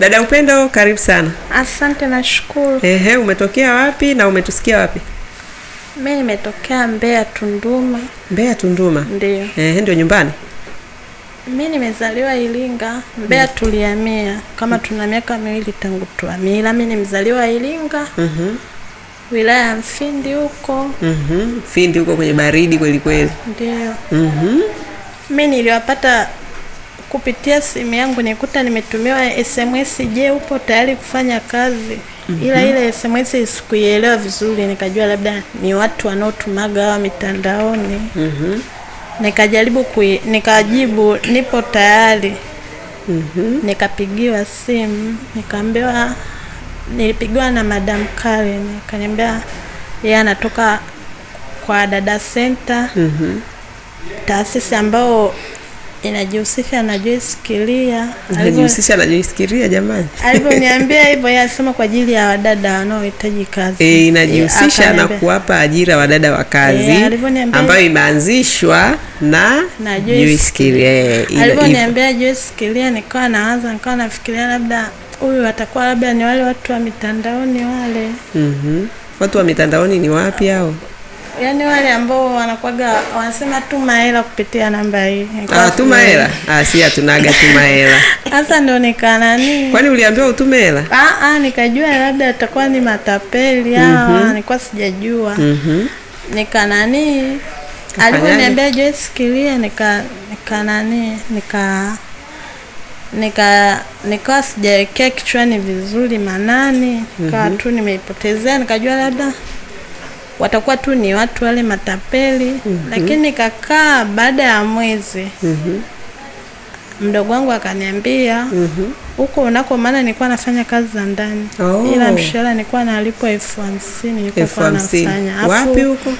Dada Upendo, karibu sana. Asante na shukuru. Ehe, umetokea wapi na umetusikia wapi? Mi nimetokea Mbeya Tunduma. Mbeya Tunduma, ndio. Ehe, ndio nyumbani. Mi nimezaliwa Iringa, Mbeya mm. tulihamia kama mm. tuna miaka miwili tangu tuhamia, Mimi mi ni mzaliwa Iringa mm wilaya ya Mfindi huko mm Mfindi huko kwenye baridi kweli kweli, ndio. mm Mimi mi niliwapata kupitia simu yangu nikuta nimetumiwa SMS, je, upo tayari kufanya kazi? Mm -hmm. Ila mhm. ile SMS sikuielewa vizuri, nikajua labda ni watu wanaotumaga hawa mitandaoni. mm -hmm. Nikajaribu kui, nikajibu nipo tayari. mm -hmm. Nikapigiwa simu nikaambiwa, nilipigiwa na Madam Karen akaniambia yeye anatoka kwa Dada Center. mm -hmm. Taasisi ambayo inajihusisha na Joyce Kiria. Inajihusisha na Joyce Kiria jamani. Alivyoniambia hivyo yeye alisema kwa ajili ya wadada wanaohitaji kazi. Eh, inajihusisha na kuwapa ajira wadada wa kazi e, ambayo imeanzishwa na na Joyce Kiria. Eh, alivyoniambia Joyce Kiria nikawa naanza nikawa nafikiria labda huyu atakuwa labda ni wale watu wa mitandaoni wale. Mhm. Mm watu wa mitandaoni ni wapi hao? yani wale ambao wanakuaga wanasema tuma hela kupitia namba hii. Ah, tuma hela? Ah, si hatunaga tuma hela. Sasa ndo nikanani. Kwani uliambiwa utume hela? Ah, ah, nikajua labda atakuwa ni matapeli hawa, mm -hmm. nilikuwa sijajua. Mhm. Mm nikanani aliponiambia Joyce, sikilia, nika nani? nika nika nikawa sijaekea kichwani vizuri manani, nikawa mm -hmm. tu nimeipotezea, nikajua labda watakuwa tu ni watu wale matapeli mm -hmm. Lakini kakaa baada ya mwezi mm -hmm. Mdogo wangu akaniambia mhm. huko mm -hmm. unako, maana nilikuwa nafanya kazi za ndani oh. Ila mshahara nilikuwa nalipwa elfu hamsini nilikuwa nafanya. Wapi huko?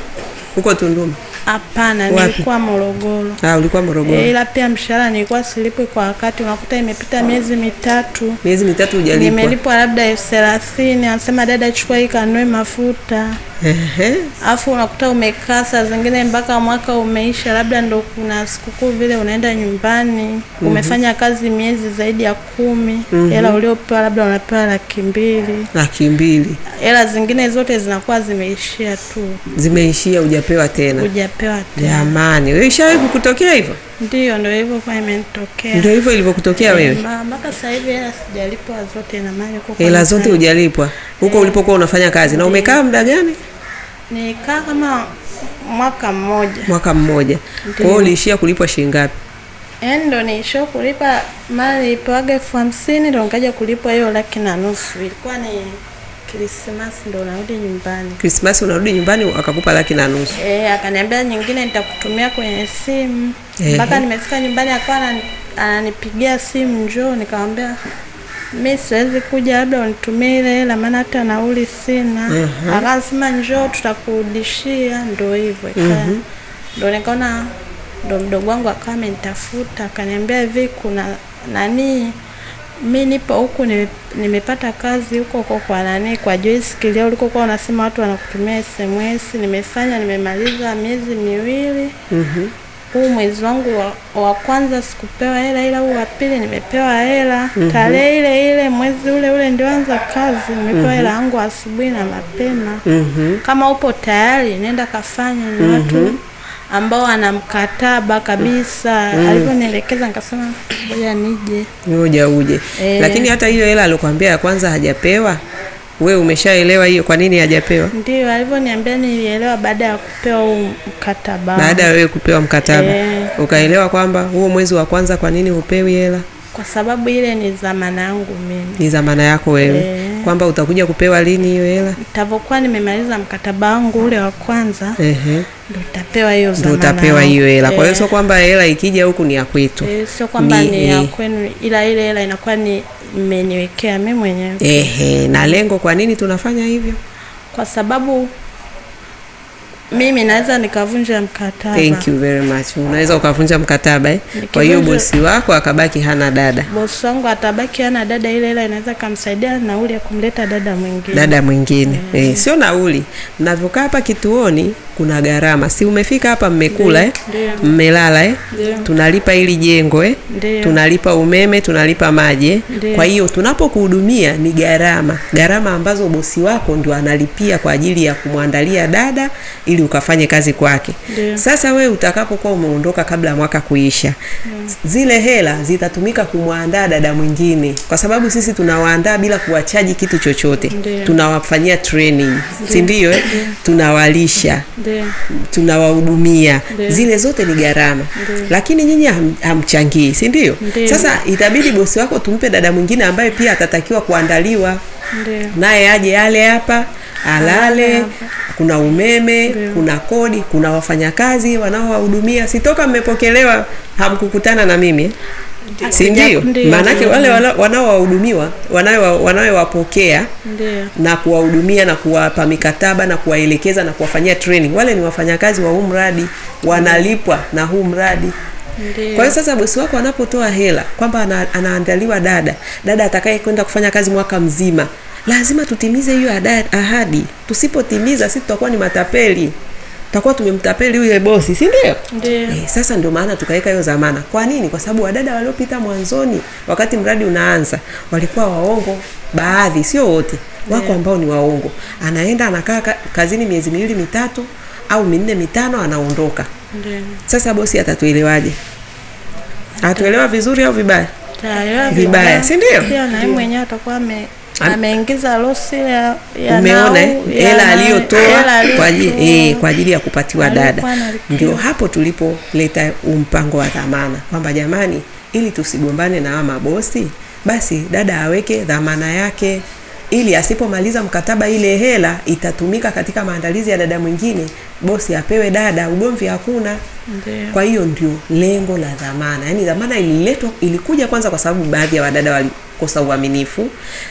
Huko Tunduma? Hapana, nilikuwa Morogoro. Ah, ulikuwa Morogoro. E, ila pia mshahara nilikuwa silipwi kwa wakati, unakuta imepita miezi mitatu, miezi mitatu hujalipwa. Nimelipwa labda elfu thelathini, anasema dada, chukua hii kanue mafuta afu unakuta umekaa saa zingine mpaka mwaka umeisha, labda ndo kuna sikukuu vile, unaenda nyumbani mm -hmm. umefanya kazi miezi zaidi ya kumi mm hela -hmm. uliopewa labda unapewa laki mbili laki mbili hela zingine zote zinakuwa zimeishia tu, zimeishia, hujapewa tena, hujapewa tena. Jamani, wewe ishawahi kukutokea hivyo? Ndio, ndio hivyo kwa imenitokea. Ndio hivyo ilivyokutokea eh, wewe? Mpaka sasa hivi hela sijalipwa zote na mali huko. Hela zote hujalipwa huko eh. ulipokuwa unafanya kazi na umekaa muda gani? Nikaa kama mwaka mmoja. Mwaka mmoja. Kwa hiyo uliishia kulipwa shilingi ngapi? Yaani ndo niisho kulipa mali ipoaga elfu hamsini ndo nikaja kulipwa hiyo laki na nusu. Ilikuwa ni Krismasi ndo narudi nyumbani. Krismasi unarudi nyumbani akakupa laki na nusu. Eh, akaniambia nyingine nitakutumia kwenye simu mpaka nimefika nyumbani akawa ananipigia simu njoo, nikamwambia mi siwezi kuja, labda unitumie ile hela, maana hata nauli sina. Akasema njoo, tutakurudishia. Ndo hivyo mhm. Ndo nikaona ndo mdogo wangu akawa amenitafuta akaniambia, hivi kuna nani, mi nipo huku nimepata kazi huko huko kwa nani, kwa Joyce ulikokuwa unasema watu wanakutumia SMS. Nimefanya nimemaliza miezi miwili. mm -hmm huu mwezi wangu wa, wa kwanza sikupewa hela, ila huu wa pili nimepewa hela mm -hmm. Tarehe ile ile mwezi ule ule ndio anza kazi, nimepewa mm -hmm. hela mhm. yangu asubuhi na mapema mm -hmm. Kama upo tayari nenda kafanya ni mm -hmm. watu ambao ana mkataba kabisa mm. Alivyonielekeza nikasema ngoja nije ngoja uje e. Lakini hata hiyo hela alikwambia ya kwanza hajapewa We umeshaelewa hiyo, kwa nini hajapewa? Ndio alivyoniambia, nilielewa baada ya kupewa huu mkataba, baada ya wewe kupewa mkataba e, ukaelewa kwamba huo mwezi wa kwanza, kwa nini hupewi hela? kwa sababu ile ni zamana yangu mimi. Ni zamana yako wewe e, kwamba utakuja kupewa lini hiyo hela? Nitavyokuwa nimemaliza mkataba wangu ule wa kwanza, ehe, ndo utapewa hiyo zamana, ndo utapewa hiyo hela. Kwa hiyo eh. sio kwamba hela ikija huku ni ya kwetu, e, sio kwamba ni, ni ya kwenu, ila ile hela inakuwa ni mmeniwekea mimi mwenyewe. Ehe, na lengo, kwa nini tunafanya hivyo? Kwa sababu mimi naweza nikavunja mkataba. Thank you very much. Unaweza ukavunja mkataba eh? Kwa hiyo bosi wako akabaki hana dada. Bosi wangu atabaki hana dada, ile ile inaweza kumsaidia nauli ya kumleta dada mwingine, dada mwingine mm. Eh, sio nauli, mnavyokaa hapa kituoni kuna gharama, si umefika hapa mmekula eh? mmelala eh? tunalipa ili jengo eh? tunalipa umeme, tunalipa maji eh? kwa hiyo tunapokuhudumia ni gharama, gharama ambazo bosi wako ndio analipia kwa ajili ya kumwandalia dada ili ili ukafanye kazi kwake. yeah. Sasa we utakapokuwa umeondoka kabla ya mwaka kuisha, yeah. zile hela zitatumika kumwandaa dada mwingine, kwa sababu sisi tunawaandaa bila kuwachaji kitu chochote. yeah. Tunawafanyia training, yeah. si ndio? Eh? Tunawalisha, yeah. tunawahudumia, yeah. zile zote ni gharama, yeah. lakini nyinyi ham, hamchangii, si ndio? Sasa itabidi bosi wako tumpe dada mwingine ambaye pia atatakiwa kuandaliwa naye aje yale hapa alale, ah, kuna umeme kuna kodi, kuna wafanyakazi wanaowahudumia. Sitoka mmepokelewa hamkukutana na mimi si ndio? Maanake wale wanaowahudumiwa wanayowapokea na kuwahudumia na kuwapa mikataba na kuwaelekeza na kuwafanyia training, wale ni wafanyakazi wa huu mradi, wanalipwa na huu mradi. Kwa hiyo sasa bosi wako anapotoa hela kwamba ana, anaandaliwa dada dada atakaye kwenda kufanya kazi mwaka mzima lazima tutimize hiyo ahadi. Tusipotimiza sisi tutakuwa ni matapeli, tutakuwa tumemtapeli yule bosi, si ndio? E, sasa ndio maana tukaweka hiyo zamana Kwa nini? Kwa sababu wadada waliopita mwanzoni, wakati mradi unaanza, walikuwa waongo baadhi, sio wote, wako ambao ni waongo. Anaenda anakaa kazini miezi miwili mitatu au minne mitano, anaondoka. Ndiyo. Sasa bosi atatuelewaje? Atuelewa vizuri au vibaya? Taelewa vibaya, si ndio? Ndio, na mwenyewe atakuwa ameingiza losi ya, ya umeona eh? hela aliyotoa kwa ajili e, kwa ajili ya kupatiwa dada. Ndio hapo tulipoleta umpango wa dhamana kwamba jamani, ili tusigombane na hawa mabosi, basi dada aweke dhamana yake ili asipomaliza mkataba ile hela itatumika katika maandalizi ya dada mwingine, bosi apewe dada, ugomvi hakuna. Kwa hiyo ndio lengo la dhamana, yaani dhamana ililetwa, ilikuja kwanza kwa sababu baadhi ya wadada wali kukosa uaminifu,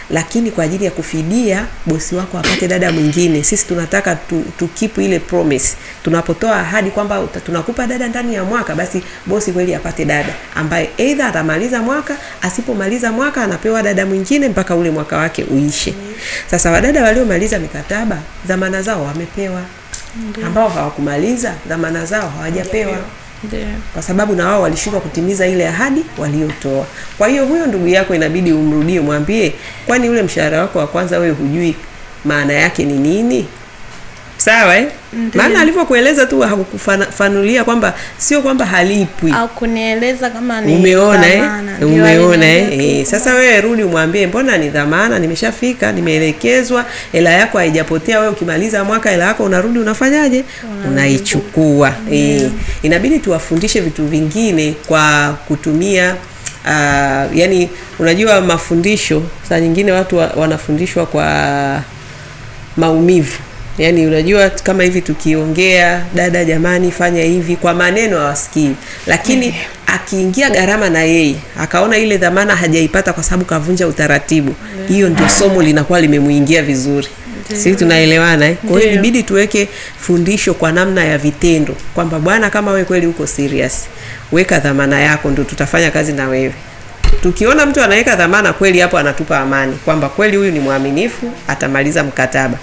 lakini kwa ajili ya kufidia bosi wako apate dada mwingine. Sisi tunataka tu, tu keep ile promise. Tunapotoa ahadi kwamba tunakupa dada ndani ya mwaka, basi bosi kweli apate dada ambaye either atamaliza mwaka, asipomaliza mwaka anapewa dada mwingine mpaka ule mwaka wake uishe. Sasa wadada waliomaliza mikataba dhamana zao wamepewa, ambao hawakumaliza dhamana zao hawajapewa. Kwa sababu na wao walishindwa kutimiza ile ahadi waliotoa. Kwa hiyo huyo ndugu yako inabidi umrudie, mwambie, kwani ule mshahara wako wa kwanza wewe hujui maana yake ni nini? sawa eh? Maana alivyokueleza tu hakukufanulia kwamba sio kwamba halipwi au kunieleza kama ni umeona eh? Umeona eh? E, sasa wewe rudi umwambie, mbona ni dhamana, nimeshafika, nimeelekezwa, hela yako haijapotea. Wewe ukimaliza mwaka hela yako unarudi unafanyaje? Unaichukua. E, inabidi tuwafundishe vitu vingine kwa kutumia Uh, yani unajua mafundisho saa nyingine watu wa, wanafundishwa kwa maumivu yani unajua kama hivi tukiongea, dada, jamani, fanya hivi, kwa maneno hawasikii, lakini yeah. Mm. Akiingia gharama na yeye akaona ile dhamana hajaipata kwa sababu kavunja utaratibu, mm. hiyo yeah. Ndio somo linakuwa limemuingia vizuri sisi tunaelewana eh? Kwa hiyo inabidi tuweke fundisho kwa namna ya vitendo kwamba bwana, kama wewe kweli uko serious, weka dhamana yako, ndio tutafanya kazi na wewe. Tukiona mtu anaweka dhamana kweli, hapo anatupa amani kwamba kweli huyu ni mwaminifu, atamaliza mkataba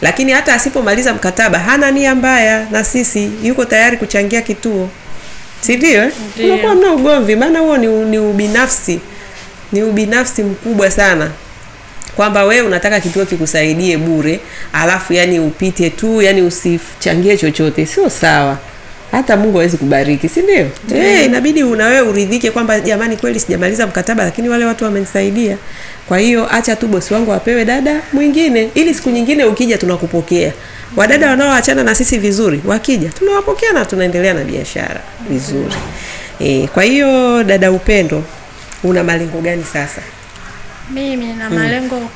lakini hata asipomaliza mkataba hana nia mbaya na sisi, yuko tayari kuchangia kituo, si ndio? Eh? Unakuwa mna ugomvi, maana huo ni, ni ubinafsi, ni ubinafsi mkubwa sana kwamba we unataka kituo kikusaidie bure, alafu yani upite tu, yani usichangie chochote, sio sawa hata Mungu awezi kubariki, si ndio? Mm. inabidi una wewe uridhike kwamba jamani, kweli sijamaliza mkataba, lakini wale watu wamenisaidia. Kwa hiyo acha tu bosi wangu apewe dada mwingine, ili siku nyingine ukija tunakupokea. Wadada wanaoachana na sisi vizuri, wakija tunawapokea na tunaendelea na biashara vizuri. E, kwa hiyo dada Upendo, una malengo gani sasa? Mimi malengo mm.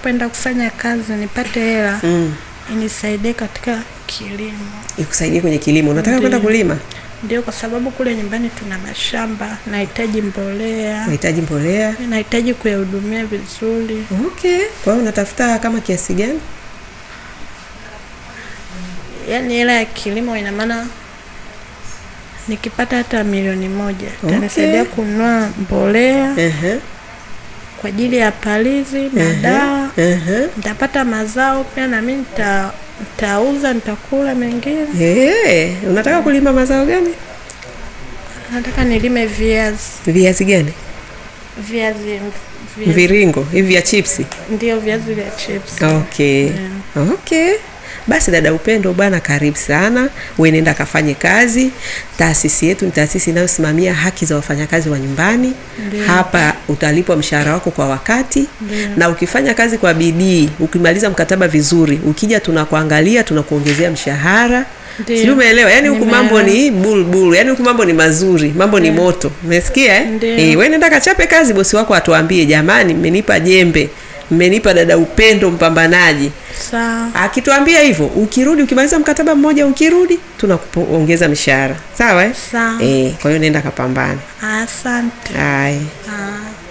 malengo, kufanya kazi nipate hela mm. inisaidie katika kilimo. Ikusaidie kwenye kilimo. Unataka kwenda kulima? Ndio, kwa sababu kule nyumbani tuna mashamba, nahitaji mbolea. Nahitaji mbolea. Nahitaji kuyahudumia vizuri. Okay. Kwa hiyo unatafuta kama kiasi gani? Yaani hela ya kilimo ina maana nikipata hata milioni moja itanisaidia okay, kunua mbolea uh -huh, kwa ajili ya palizi uh -huh. uh -huh, nitapata mazao pia na mimi nita Nitauza, nitakula mengine. Eh, unataka kulima mazao gani? Nataka nilime viazi. Viazi gani? Viazi mviringo hivi vya chipsi. Ndio, viazi vya chipsi. Okay. Yeah. Okay. Basi dada Upendo bwana, karibu sana, wewe nenda kafanye kazi. Taasisi yetu ni taasisi inayosimamia haki za wafanyakazi wa nyumbani. Ndiyo. Hapa utalipwa mshahara wako kwa wakati. Ndiyo. Na ukifanya kazi kwa bidii, ukimaliza mkataba vizuri, ukija tunakuangalia, tunakuongezea mshahara. Sijui umeelewa? Yaani huku mambo ni bulbul, yaani huku mambo ni mazuri, mambo ni moto, umesikia eh? Eh, wewe nenda kachape kazi, bosi wako atuambie, jamani, mmenipa jembe mmenipa dada upendo mpambanaji. Sawa. Akituambia hivyo, ukirudi ukimaliza mkataba mmoja, ukirudi tunakuongeza mshahara. Sawa eh? Sawa. Eh, kwa hiyo nenda kapambana. Asante. Hai.